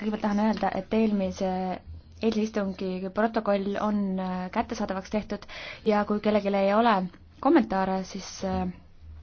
kõigepealt tahan öelda, et eelmise eilse istungi protokoll on äh, kättesaadavaks tehtud ja kui kellelgi ei ole kommentaare, siis äh,